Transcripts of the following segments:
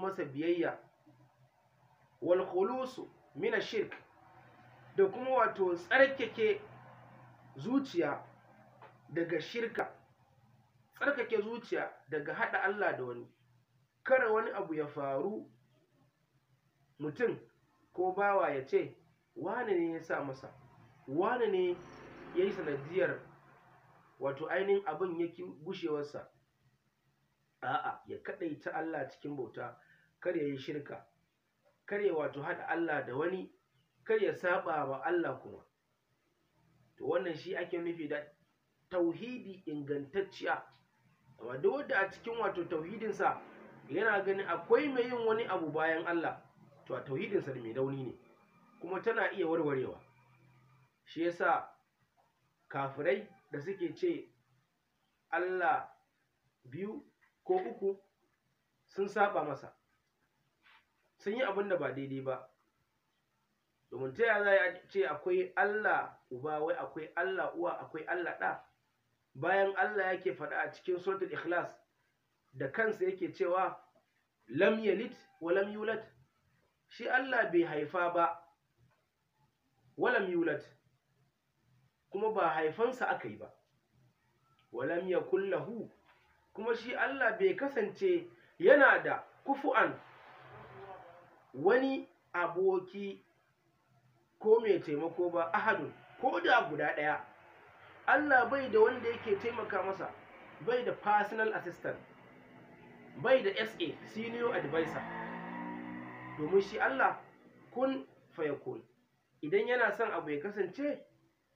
masa biyayya wal khulusu min shirk da kuma wato tsarkake zuciya daga shirka tsarkake zuciya daga hada Allah da wani kada wani abu ya faru mutum ko bawa ya ce wane ne ya sa masa wane ne ya yi sanadiyar wato ainihin abin yake gushewarsa a'a ya ta Allah cikin bauta kar ya yi shirka kar ya wato haɗa Allah da wani kar ya saba wa Allah kuma to wannan shi ake nufi da tauhidi ingantacciya amma duk wanda a cikin wato tauhidinsa yana ganin akwai mai yin wani abu bayan Allah to a tauhidinsa da mai rauni ne kuma tana iya warwarewa shi yasa kafirai da suke ce Allah biyu ko uku sun saba masa sun yi abin da ba daidai ba domin ta yaya za ce akwai Allah uba wai akwai Allah uwa akwai Allah ɗa bayan Allah yake faɗa a cikin suratul ikhlas da kansa yake cewa lam yalid wa lam yulad shi Allah bai haifa ba wa lam yulad kuma ba haifansa aka yi ba wa lam yakul lahu kuma shi Allah bai kasance yana da kufu'an wani aboki ko mai taimako ba ahadun ko da guda ɗaya Allah bai da wanda yake taimaka masa bai da personal assistant bai da sa senior advisor domin shi Allah kun fayakun idan yana son abu ya kasance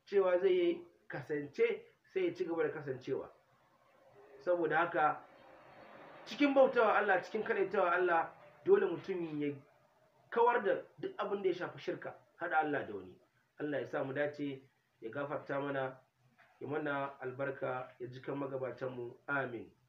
cewa zai kasance sai ya ci gaba da kasancewa saboda haka cikin bautawa Allah cikin kadaitawa Allah dole mutum ya kawar da duk abin da ya shafi shirka hada Allah da wani Allah ya sa mu dace ya gafarta mana ya mana albarka ya jikan magabatanmu amin